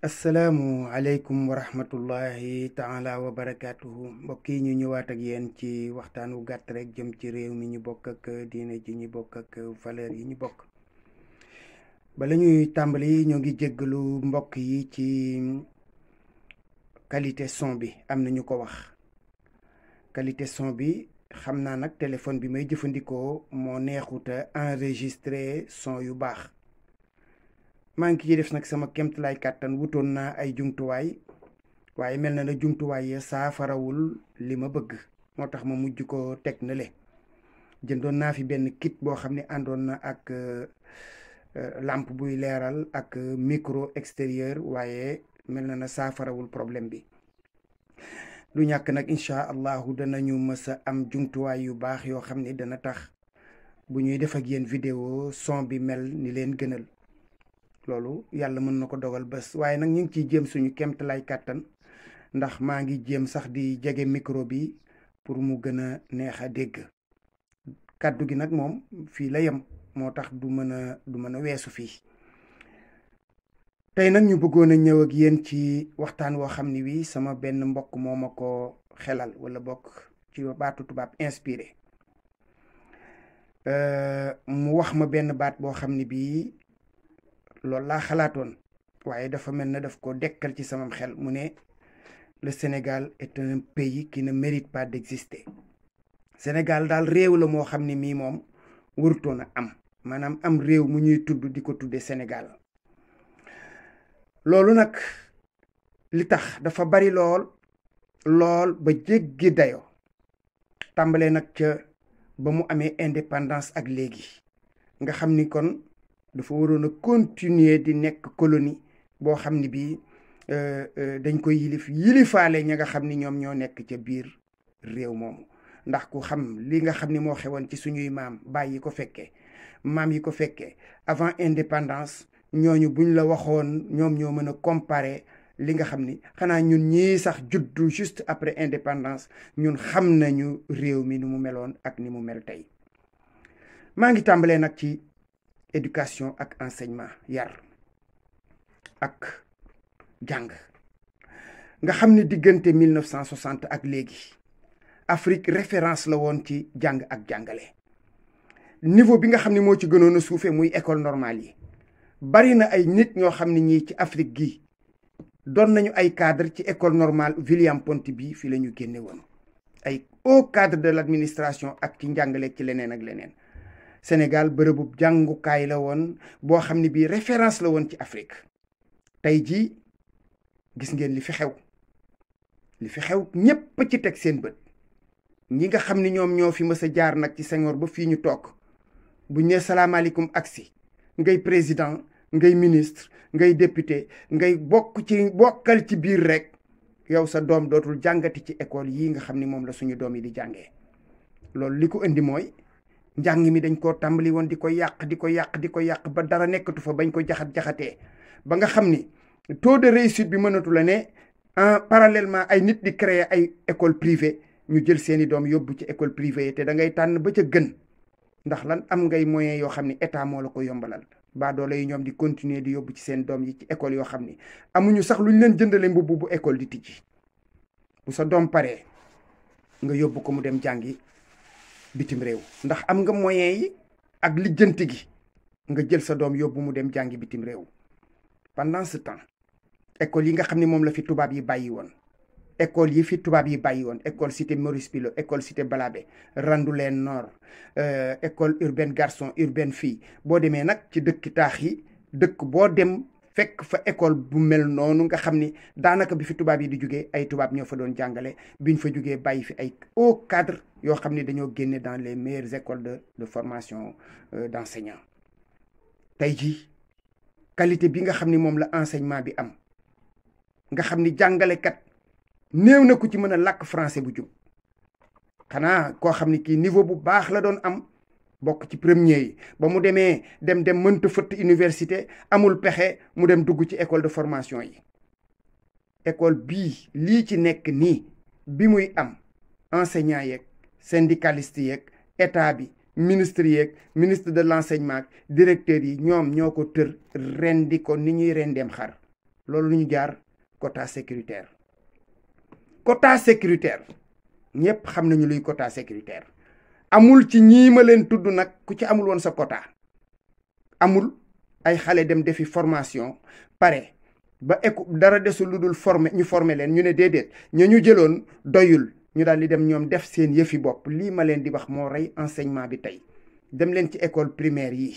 asalaamualeykum wa rahmatullahi taala wa barakaatuhu mbokk yi ñu ñëwaat ak yéen ci waxtaan wu gàtt rek jëm ci réew mi ñu bokk ak diine ji ñu bokk ak valeur yi ñu bokk bala ñuy tàmbali ñoo ngi jéggalu mbokk yi ci qualité son bi am na ñu ko wax qualité son bi xam naa nag téléphone bi may jëfandikoo moo neexuta enregistré son yu baax maa ngi ciy def nag sama kéemtalaay kàttan wutoon naa ay jumtuwaay waaye mel na ne jumtuwaay ya saafarawul li ma bëgg moo tax ma mujj ko teg na le jëndoon naa fi benn kit boo xam ne àndoon na ak euh, euh, làmp buy leeral ak euh, micro extérieur waaye mel na na saafarawul problème bi lu ñàkk nag incha allahu danañu mës a am jumtuwaay yu baax yoo xam ne dana tax bu ñuy def ak yéen vidéo son bi mel ni leen gënal loolu yàlla mën na ko dogal bés waaye nag ñu ngi ciy jéem suñu kemt lay kàttan ndax maa ngi jéem sax di jege micro bi pour mu gën a neex a dégg kàddu gi nag moom fii la yem moo tax du mën a du mën a weesu fii tey nag ñu bëggoon a ñëw ak yéen ci waxtaan woo xam ni wii sama benn mbokk moom a ko xelal walla bokk ci baatu tubaab inspire euh, mu wax ma benn baat boo xam ni bii loolu laa xalaatoon waaye dafa mel na daf ko dekkal ci sama xel mu ne le Sénégal est un pays qui na mérite pas d'exister Sénégal daal réew la moo xam ne mii moom warutoon a am maanaam am réew mu ñuy tudd di ko tuddee Sénégal loolu nag li tax dafa bari lool lool ba jéggi dayo tàmbalee nag ca ba mu amee indépendance ak léegi nga xam ni kon dafa waroon a continuer di nekk colonie boo xam ne bii euh, euh, dañ koy yilif yilifaale ña nga xam ni ñoom ñoo nekk ca biir réew moomu ndax ku xam li nga xam ni moo xewoon ci suñuy maam baay yi ko fekkee maam yi ko fekkee avant indépendance ñooñu buñ la waxoon ñoom ñoo mën a comparer li nga xam ni xanaa ñun ñii sax juddu juste après indépendance ñun xam nañu réew mi nu mu meloon ak ni mu mel tey maa ngi tàmbalee nag ci éducation ak enseignement yar ak jàng nga xam ne diggante 1960 ak léegi Afrique référence la woon ci jàng ak jàngale niveau bi nga xam ne moo ci gënoon a suufee muy école normale yi bari na ay nit ñoo xam ne ñii ci Afrique gi doon nañu ay cadre ci école normale William Ponty bi fii la ñu génne woon ay haut cadre de l'administration ak ci njàngale ci leneen ak leneen Sénégal bërëbub jàngukaay la woon boo xam ne bii référence la woon ci Afrique tey jii gis ngeen li fi xew li fi xew ñépp ci teg seen bët ñi nga xam ni ñoom ñoo fi mës a jaar nag ci Senghor ba fii ñu toog bu ñu nee salaamaaleykum agsi ngay président ngay ministre ngay député ngay bokk ci bokkal ci biir rek yow sa doom dootul jàngati ci école yii nga xam ni moom la suñu doom yi di jàngee loolu li ko indi mooy njàng mi dañ koo tàmbali woon di ko yàq di ko yàq di ko yàq ba dara nekkatu fa bañ ko jaxat jaxatee ba nga xam ni taux de réussite bi mënatu la ne en parallèlement ay nit di créer ay école privée ñu jël seeni doom yóbbu ci école privée yi ngay tànn ba ca gën ndax lan am ngay moyens yoo xam ni état moo la ko yombalal baadoolo yi ñoom di continuer di yóbbu ci seen doom yi ci école yoo xam ni amuñu sax lu luñ leen jëndale mbubb bu école di tijji bu sa doom paree nga yóbbu ko mu dem jàngi bitim réew ndax am nga moyen ak lijjanti gi nga jël sa doom yóbbu mu dem jàngi bitim réew pendant ce temps école yi nga xam ne moom la fi tubaab yi bàyyi woon école yi fi tubaab yi bàyyi woon école cité Maurice Pilot école cité Balabé Randoulène Nord euh, école urbaine garçon urbaine fille boo demee nag ci dëkk taax yi dëkk boo dem fekk fa école bu mel noonu nga xam ni daanaka bi fi tubaab yi di jugee ay tubaab ñoo fa doon jàngale biñ fa jugee bàyyi fi ay hauts cadres yoo xam ni dañoo génne dans les meilleures écoles de de formation euh, d' enseignant tey jii qualité bi nga xam ni moom la enseignement bi am nga xam ni jàngalekat néew na ku ci mën a làkk français bu jub xanaa koo xam ni kii niveau bu baax la doon am bokk ci premier yi ba mu demee dem dem mënta fëtt université amul pexe mu dem dugg ci école de formation yi école bii lii ci nekk nii bi muy am enseignant yeeg syndicaliste yeeg état bi ministre yeeg ministre de l'enseignement ak directeur yi ñoom ñoo ko tër rendi ko ni ñuy rendeem xar loolu ñu jaar quota sécuritaire quota sécuritaire ñëpp xam nañu luy quota sécuritaire amul ci ñii ma leen tudd nag ku ci amul woon sa quota amul ay xale dem defi formation pare ba éco dara desul lu dul former ñu former leen ñu ne déedéet ña ñu jëloon doyul ñu daal di dem ñoom def seen yëfi bopp lii ma leen di wax moo rey enseignement bi tey dem leen ci école primaire yi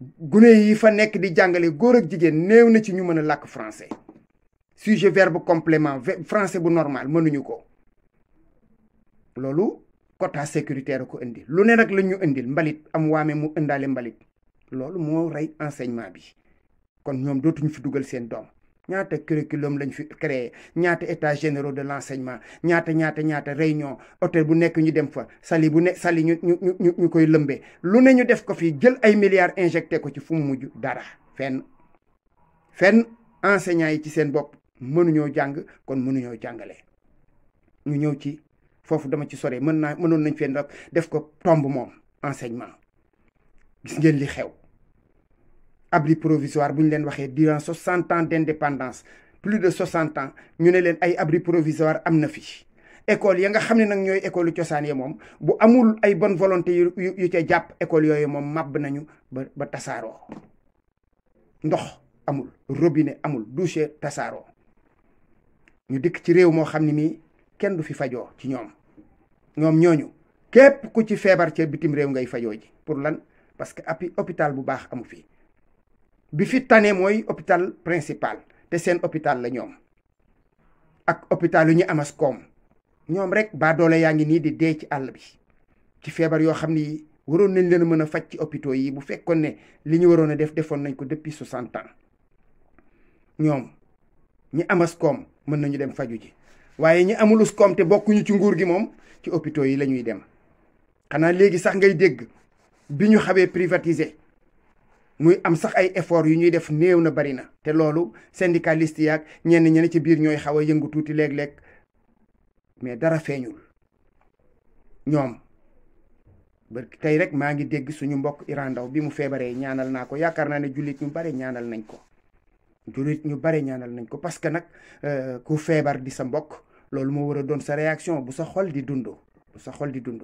gune yi fa nekk di jàngale góor ak jigéen new na ci ñu mën a làkk français sujet verbe complement français bu normal mënuñu ko loolu quota sécuritaire ko indi lu ne nag la ñu indil mbalit am waame mu indaale mbalit loolu moo rey enseignement bi kon ñoom dootuñu fi dugal seen doom ñaata curriculum lañ fi créé ñaata états généraux de l'enseignement ñaata ñaata ñaata réunion hôtel bu nekk ñu dem fa sali bu nekk sali ñu ñu ñu ñu koy lëmbee lu ne ñu def ko fii jël ay milliards injecté ko ci fu mu mujj dara fenn fenn enseignants yi ci seen bopp mënuñoo jàng kon mënuñoo jàngale ñu ñëw ci foofu dama ci sore mën naa mënoon nañ feen rek def ko tomb moom enseignement gis ngeen li xew abri provisoire bu ñu leen waxee durant soixante ans d'indépendance plus de soixante ans ñu ne leen ay abri provisoire am na fi école ya nga xam ne nag ñooy école cosaan yi moom bu amul ay bonne volonté yu yu ca jàpp école yooyu moom màbb nañu ba ba tasaaroo ndox amul robine amul douche tasaaroo ñu dikk ci réew moo xam ne mii kenn du fi fajoo ci ñoom ñoom ñooñu képp ku ci feebar ca bitim réew ngay fajoo ji pour lan parce que api hôpital bu baax amu fi bi fi tane mooy hôpital principal te seen hôpital la ñoom ak hôpital yu ñu amas ñoom rek baa doole yaa ngi nii di dee ci àll bi ci feebar yoo xam ni waroon nañ leen mën a faj ci hôpitaux yi bu fekkoon ne li ñu waroon a def defoon nañ ko depuis soixante ans ñoom ñi amas koom mën nañu dem faju ji waaye ñi amulus koom te bokkuñu ci nguur gi moom ci hôpitaux yi la ñuy dem xanaa léegi sax ngay dégg bi ñu xawee privatiser muy am sax ay effort yu ñuy def néew na bari na. te loolu syndicaliste yaag ñenn ñeneen ci biir ñooy xaw a yëngu tuuti léeg lekk mais dara feeñul ñoom ba tey rek maa ngi dégg suñu mbokk Iran Ndaw bi mu feebaree ñaanal naa ko yaakaar naa ne jullit ñu bare ñaanal nañ ko. jullit ñu bare ñaanal nañ ko parce que nag euh, ku feebar di sa mbokk loolu moo war a doon sa réaction bu sa xol di dundoo bu sa xol di dund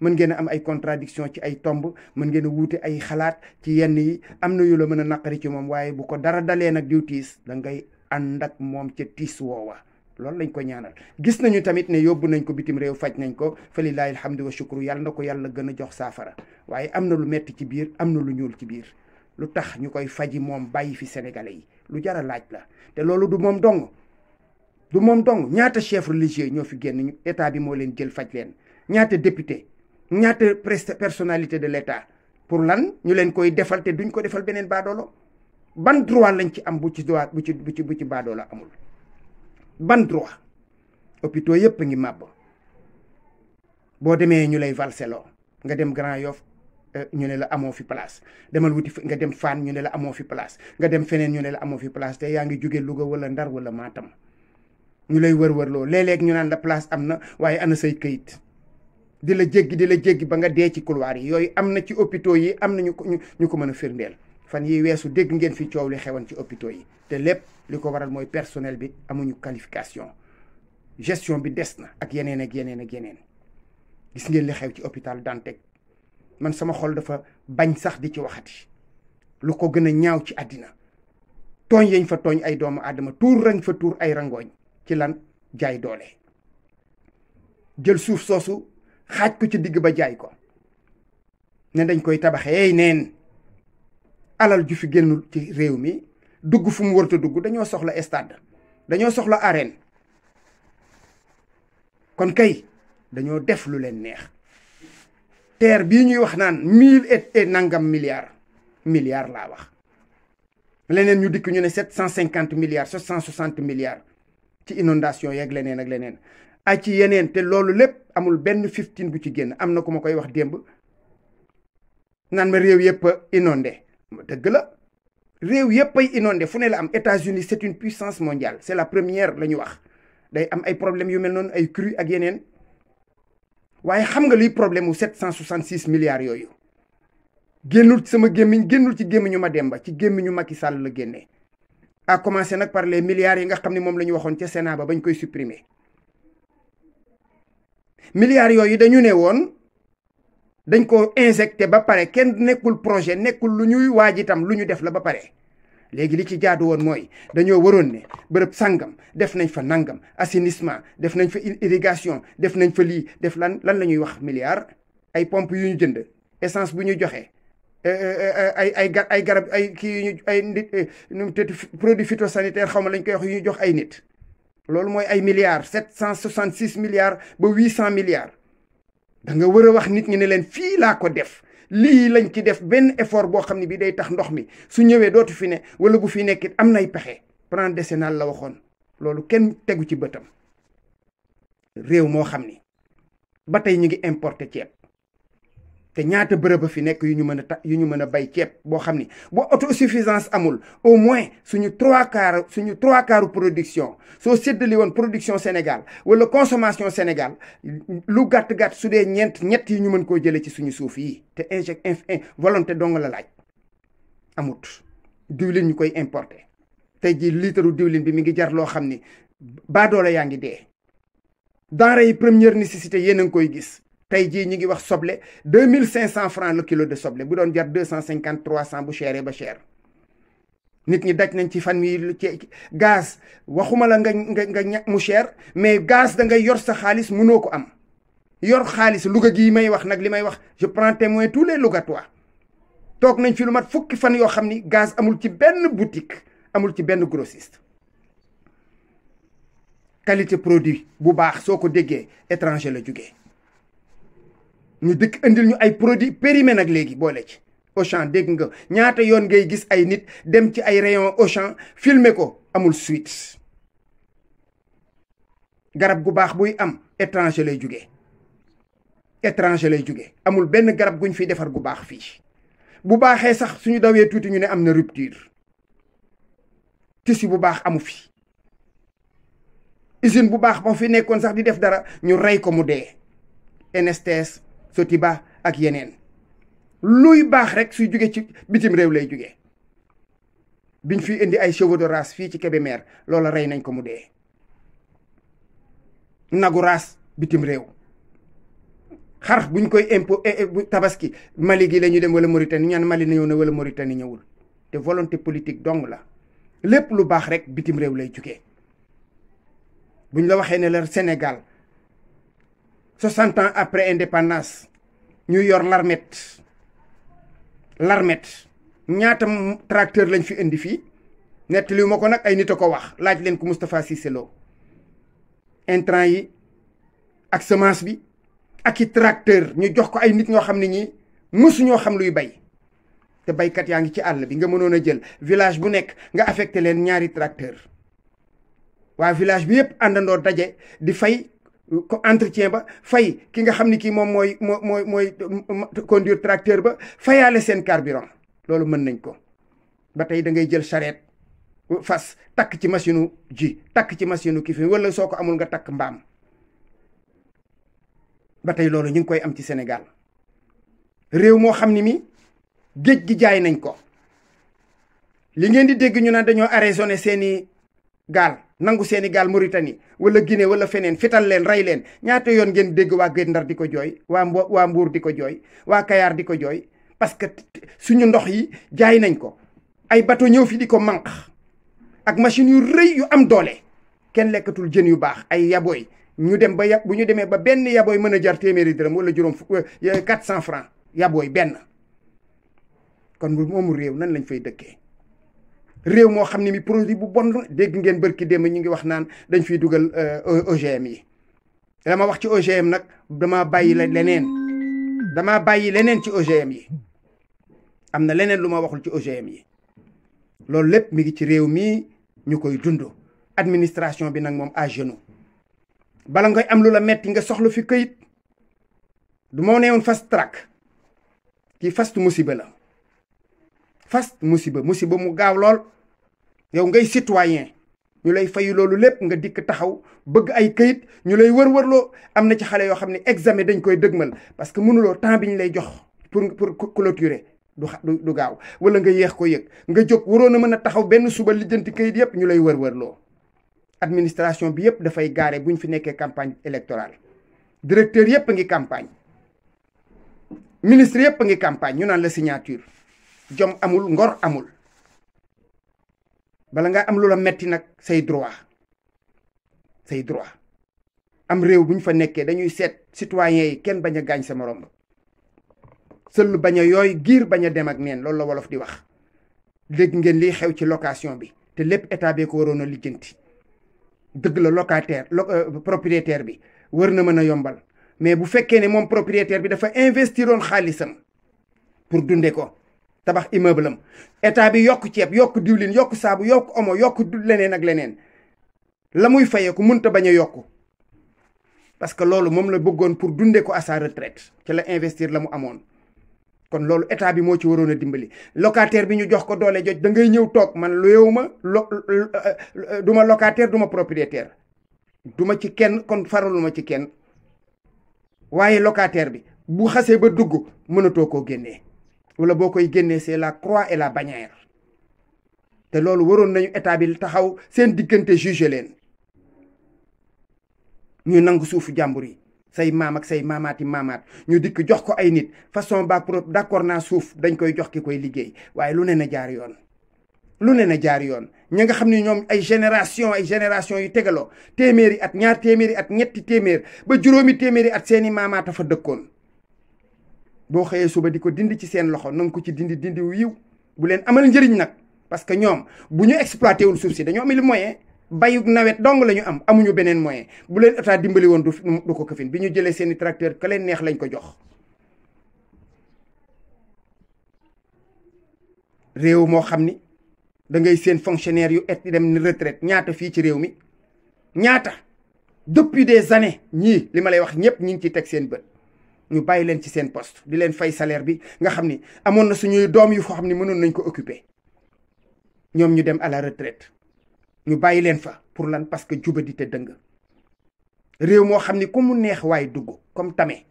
mën ngeen a am ay contradiction ci ay tomb mën ngeen a wuute ay xalaat ci yenn yi am na yu la mën a naqari ci moom waaye bu ko dara dalee nag diw tiis da ngay ànd ak moom ca tiis woowa loolu lañ ko ñaanal gis nañu tamit ne yóbbu nañ ko bitim réew faj nañ ko fa lillaahi alhamdu wa shukru yàlla na ko yàlla gën a jox saafara waaye am na lu metti ci biir am na lu ñuul ci biir lu tax ñu koy faji moom bàyyi fi sénégalais yi lu jar laaj la te loolu du moom dong du moom dong ñaata chef religieux ñoo fi génn état bi moo leen jël faj leen ñaata député ñaata personnalité de l' pour lan ñu leen koy defal te duñ ko defal beneen baadoolo ban droit lañ ci am bu ci droit bu ci bu ci bu ci baadoolo amul ban droit hôpitaux yëpp a ngi màbb boo demee ñu lay valseloo nga dem Grand Yoff euh, ñu ne la amoo fi place demal wuti nga dem faan ñu ne la amoo fi place nga dem feneen ñu ne la amoo fi place te yaa ngi jugee luga wala Ndar wala maatam ñu lay wër-wërloo léeg ñu naan la place am na waaye ana say kayit di la jéggi di la jéggi ba nga dee ci couloir yi yooyu am na ci hôpitaux yi am na ñu ko ñu ko mën a firndeel fan yi weesu dégg ngeen fi coow li xewoon ci hôpitaux yi te lépp li ko waral mooy personnel bi amuñu qualification gestion bi des na ak yeneen ak yeneen ak yeneen gis ngeen li xew ci hôpital Dantec man sama xol dafa bañ sax di ci waxati lu ko gën a ñaaw ci àddina tooñ yañ fa tooñ ay doomu aadama tuur rañ fa tuur ay rangooñ ci lan jaay doole jël suuf soosu xaaj ko ci digg ba jaay ko ne dañ koy tabaxee neen alal ju fi génnul ci réew mi dugg fu mu warta dugg dañoo soxla stade dañoo soxla arène kon kay dañoo def lu leen neex ter bii ñuy wax naan mille et nangam milliards milliards laa wax leneen ñu dikk ñu ne sept cent cinquante milliards sept cent soixante milliards ci inondation yeeg leneen ak leneen ay ci yeneen te loolu lépp amul benn fifteen bu ci génn am na ku ma koy wax démb naan ma réew yëpp a inondé dëgg la réew yëpp ay inondé fu ne la am États-Unis c'est une puissance mondiale c'est la première la ñu wax day am ay problèmes yu mel noonu ay crue ak yeneen waaye xam nga luy problème wu 766 milliards yooyu génnul sama gémmiñ génnul ci gémmiñu ma Demba ci gémmiñu Macky sal la génnee à commencer nag par les milliards yi nga xam ne moom la ñu waxoon ca Sénat ba bañ koy supprimer milliards yooyu dañu ne woon dañ ko injecté ba pare kenn nekkul projet nekkul lu ñuy waaj itam lu ñu def la ba pare léegi li ci jaadu woon mooy dañoo waroon ne bërëb sangam def nañ fa nangam assainissement def nañ fa irrigation def nañ fa lii def lan lan la ñuy wax milliards ay pompes yu ñu jënd essence bu ñu joxe Eh, eh, eh, ay ay ga ay garab ay kii yu ñu ay nit nu mu tëdd produit phytosanitaire xaw ma lañ koy wax yu jox ay nit loolu mooy ay milliards sept cent soixante six milliards ba huit cent milliards da nga war a wax nit ñi ne leen fii laa ko def lii lañ ci def benn effort boo xam ne bi day tax ndox mi su ñëwee dootu fi ne wala bu fi nekkit am nay pexe plan décennal la waxoon loolu kenn tegu ci bëtam réew moo xam ni ba tey ñu ngi importer ceeb te ñaata bërëb a fi nekk yu ñu mën a ta yu ñu mën a bay ceeb boo xam ni boo autosuffisance amul au moins suñu trois quarts suñu trois quarts production soo séddali woon production Sénégal wala consommation Sénégal lu gàtt gàtt su dee ñeent ñett yi ñu mën koo jëlee ci suñu suuf yi te inject volonté dong la laaj amut diwlin ñu koy importer tey jii liitaru diwlin bi mi ngi jar loo xam ni baadoole yaa ngi dee denrée yi première nécessité yéen a ngi koy gis tey jii ñi ngi wax soble deux mille cinq cent francs kilo de soble bu doon jar deux cent cinquante trois cent bu chéré ba cher nit ñi daj nañ ci fan yi ci gaz waxuma la nga nga nga ñàkk mu cher mais gaz da ngay yor sa xaalis mënoo ko am yor xaalis Louga gii may wax nag li may wax je prends témoin tous les Lougatois toog nañ fi lu mat fukki fan yoo xam ni gaz amul ci benn boutique amul ci benn grossiste qualité produit bu baax soo ko déggee étranger la jugee ñu dëkk indil ñu ay produits périmés nag léegi boole ci Auchan dégg nga ñaata yoon ngay gis ay nit dem ci ay rayon Auchan filmer ko amul suite garab gu baax buy am étranger lay juge étranger lay jugee amul benn garab guñ fi defar gu baax fii bu baaxee sax suñu dawee tuuti ñu ne am na rupture tissu bu baax amu fi usine bu baax ba fi nekkoon sax di def dara ñu rey ko mu dee NSTS Sotiba ak yeneen luy baax rek suy jóge ci bitim réew lay jóge biñ fi indi ay chevaux de race fii ci Kébémer loola rey nañ ko mu dee nagu race bitim réew xar buñ koy impo eh, eh, tabaski Mali gi la ñuy dem wala Mauritanie ñaan Mali na ñëw na wala Mauritanie ñëwul te volonté politique dong la lépp lu baax rek bitim réew lay jóge buñ la waxee ne la Sénégal soixante ans après indépendance ñu yor l'armette l'armette ñaatam tracteur lañ fi indi fii nettaliwu ma ko nag ay nit a ko wax laaj leen ko Moustapha Cissé Lo intrant yi ak semence bi ak i tracteur ñu jox ko ay nit ñoo xam ne ñi mësu ñoo xam luy bay te baykat yaa ngi ci àll bi nga mënoon a jël village bu nekk nga affecté leen ñaari tracteur waa village bi yëpp àndandoo daje di fay entretien ba fay ki nga xam ni kii moom mooy moo mooy mooy conduire tracteur ba fayaale seen carburant loolu mën nañ ko ba tey da ngay jël charrette fas takk ci machine ji takk ci machine ki fi wala soo ko amul nga takk mbaam ba tey loolu ñu ngi koy am ci senegal réew moo xam ni mi géej gi jaay nañ ko li ngeen di dégg ñu naan dañoo arraisonné seeni gaal nangu seeni gaal Mauritanie wala Guinée wala feneen fital leen rey leen ñaata yoon ngeen dégg waa Guet Ndar di ko jooy waa waa Mbuur di ko jooy waa Kayaar di ko jooy parce que suñu ndox yi jaay nañ ko ay bato ñëw fi di ko manq ak machine yu rëy yu am doole kenn lekkatul jën yu baax ay yaboy ñu dem ba bu ñu demee ba benn yaboy mën a jar téeméeri dërëm wala juróom euh, quatre cent francs yaboy benn kon moomu réew nan lañ fay dëkkee réew moo xam ne mi produit bu bon dégg ngeen bërki démb ñu ngi wax naan dañ fiy dugal euh, OGM yi ma wax ci OGM nag dama bàyyi la leneen dama bàyyi leneen ci OGM yi am na leneen lu ma waxul ci OGM yi loolu lépp mi ngi ci réew mi ñu koy dund administration bi nag moom à genoux bala ngay am lu la metti nga soxla fi kayit du moo neewoon fast track kii fastu musiba la fas musiba musiba mu gaaw lool yow ngay citoyen ñu lay fayu loolu lépp nga dikk taxaw bëgg ay kayit ñu lay wër-wërloo am na ci xale yoo xam ne examen dañ koy dëgmal parce que mënuloo temps bi ñu lay jox pour pour clôturer du du gaaw wala nga yéex ko yëg nga jóg waroon a mën a taxaw benn suba lijjanti kayit yëpp ñu lay wër-wërloo administration bi yëpp dafay gaare bu ñu fi nekkee campagne électorale directeur yëpp a ngi campagne ministre yëpp a ngi campagne ñu naan la signature jom amul ngor amul bala nga am lu la metti nag say droit say droit am réew bu ñu fa nekkee dañuy seet citoyens yi kenn bañ a gaañ sa morom sëll bañ a yooy giir bañ a dem ak neen loolu la wolof di wax dëgg ngeen li xew ci location bi te lépp état bee ko waroon a lijjanti dëgg la locataire euh, propriétaire bi war na mën a yombal mais bu fekkee ne moom propriétaire bi dafa investiroon xaalisam pour dunde ko tabax immeuble am état bi yokk ceeb yokk diwlin yokk saabu yokk omo yokk leneen ak leneen la muy fayee ku mënta bañ a yokk parce que loolu moom la bëggoon pour dundee ko à sa ci la investir la mu amoon kon loolu état bi moo ci waroon a dimbali locataire bi ñu jox ko doole joj da ngay ñëw toog man luyewu ma lo du ma locataire du ma propriétaire du ma ci kenn kon faralu ma ci kenn waaye locataire bi bu xasee ba dugg mënatoo koo génnee wala boo koy génnee c'est la croix et la bannière te loolu waroon nañu état bi taxaw seen diggante juge leen ñu nangu suufu jàmbur yi say maam ak say maamaati maamaat ñu dikk jox ko ay nit façon ba pro d'accord na suuf dañ koy jox ki koy liggéey waaye lu ne na jaar yoon lu ne na jaar yoon ñi nga xam ne ñoom ay génération ay génération yu tegaloo téeméeri at ñaar téeméeri at ñetti téeméer ba juróomi téeméeri at seeni maamaata fa dëkkoon boo xëyee suba di ko dindi ci seen loxo na ko ci dindi dindi wu yiw bu leen amal njariñ nag parce que ñoom bu ñu exploité wul suuf si dañoo am li moyen bayu nawet dong la ñu am amuñu beneen moyen bu leen état dimbali woon du du ko këfin bi ñu jëlee seeni tracteur ka leen neex lañ ko jox réew moo xam ni da ngay seen fonctionnaire yu et di dem ni retraite ñaata fii ci réew mi ñaata depuis des années ñii li ma lay wax ñëpp ñi ngi ci teg seen bët ñu bàyyi leen ci seen post di leen fay salaire bi nga xam ni amoon na suñuy doom yu foo xam ni mënoon nañ ko occuper ñoom ñu dem à la retraite ñu bàyyi leen fa pour lan parce que jubadi te dëng réew moo xam ni ku mu neex waaye dugg comme tame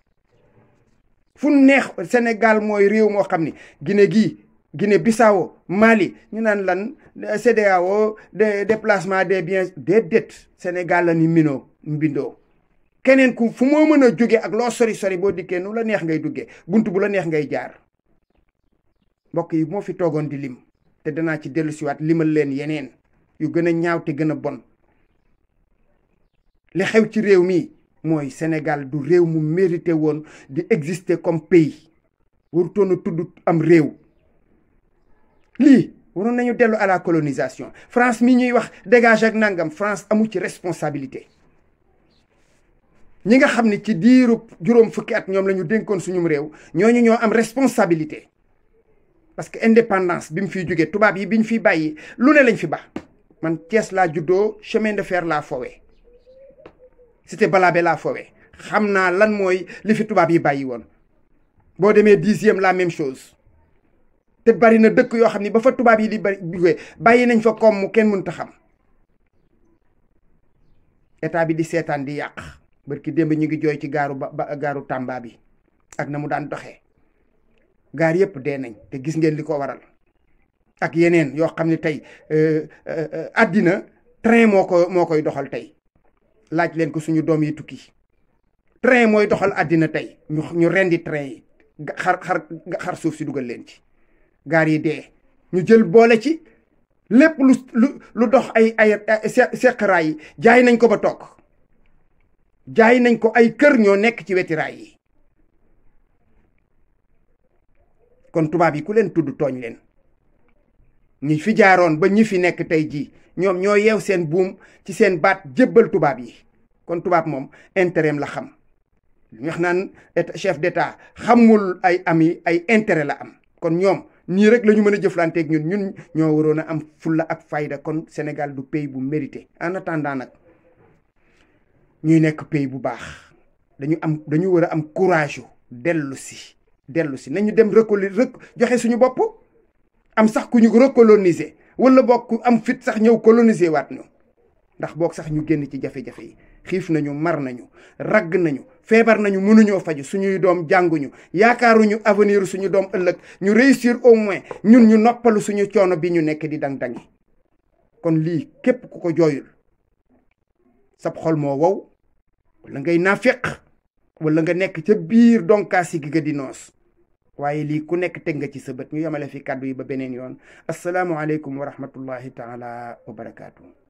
fu neex Sénégal mooy réew moo xam ni Guinée gii Guinée Bissau maali ñu naan lan CEDEAO de déplacement des biens des dettes Sénégal la ni mbindoo keneen ku fu moo mën a jóge ak loo sori sori boo dikkee nu la neex ngay duggee bunt bu la neex ngay jaar mbokk yi moo fi toogoon di lim te danaa ci dellu dellusiwaat limal leen yeneen yu gën a ñaaw te gën a bon li xew ci réew mi mooy Sénégal du réew mu mérité woon di exister comme pays warutoon a tudd am réew lii waroon nañu dellu à la colonisation France mi ñuy wax dégage ak nangam France amu ci responsabilité ñi nga xam ni ci diiru juróom fukki at ñoom la ñu dénkoon suñum réew ñooñu ñoo am responsabilité parce que indépendance bi mu fiy jógee tubaab yi bi ñu fiy bàyyi lu ne lañ fi baax man Thiès laa juddoo chemin de fer laa foowee cité Balabé laa foowee xam naa lan mooy li fi tubaab yi bàyyi woon boo demee dixième la même chose te bari na dëkk yoo xam ni ba fa tubaab yi di bari jógee bàyyi nañ fa koom mu kenn mënut a xam état bi di seetaan di yàq barki démb ñu ngi jooy ci gaaru ba gaaru Tamba bi ak na mu daan doxe gaar yëpp dee nañ te gis ngeen li ko waral ak yeneen yoo xam ne tey euh, euh, àddina train moo ko moo koy doxal tey laaj leen ko suñu doom yi tukki train mooy doxal àddina tey ñu ñu rendi train yi xar xar xar suuf si dugal leen ci gaar yi dee ñu jël boole ci lépp lu lu dox ay ay seqraay yi jaay nañ ko ba toog jaay nañ ko ay kër ñoo nekk ci weti yi kon tubaab yi ku leen tudd tooñ leen ñi fi jaaroon ba ñi fi nekk tey jii ñoom ñoo yeew seen buum ci seen baat jébbal tubaab yi kon tubaab moom intérêt la xam ñu wax naan chef d'état xamul ay ami ay intérêt la am kon ñoom nii rek lañu ñu mën a jëflanteeg ñun ñun ñoo waroon a am fulla ak fayda kon Sénégal du pays bu mérité en attendant ñuy nekk pays bu baax dañu am dañu war a am courage yu dellu si dellu si nañu dem recoloniser rek joxe suñu bopp am sax ku ñu recoloniser wala bokk am fit sax ñëw coloniser waat ñu ndax boog sax ñu génn ci jafe-jafe yi xiif nañu mar nañu ragg nañu feebar nañu mënuñoo faju suñuy doom jànguñu yaakaaruñu avenir suñu doom ëllëg ñu réussir au moins ñun ñu noppalu suñu coono bi ñu nekk di dang-dangi kon lii képp ku ko jooyul sab xol moo wow wala ngay naafeq wala nga nekk ca biir donkaasi gi nga di noos waaye lii ku nekk teg nga ci sa bët mu yemale fi kàddu yi ba beneen yoon asalaamualeykum wa rahmatullahi taala wa barakaatu.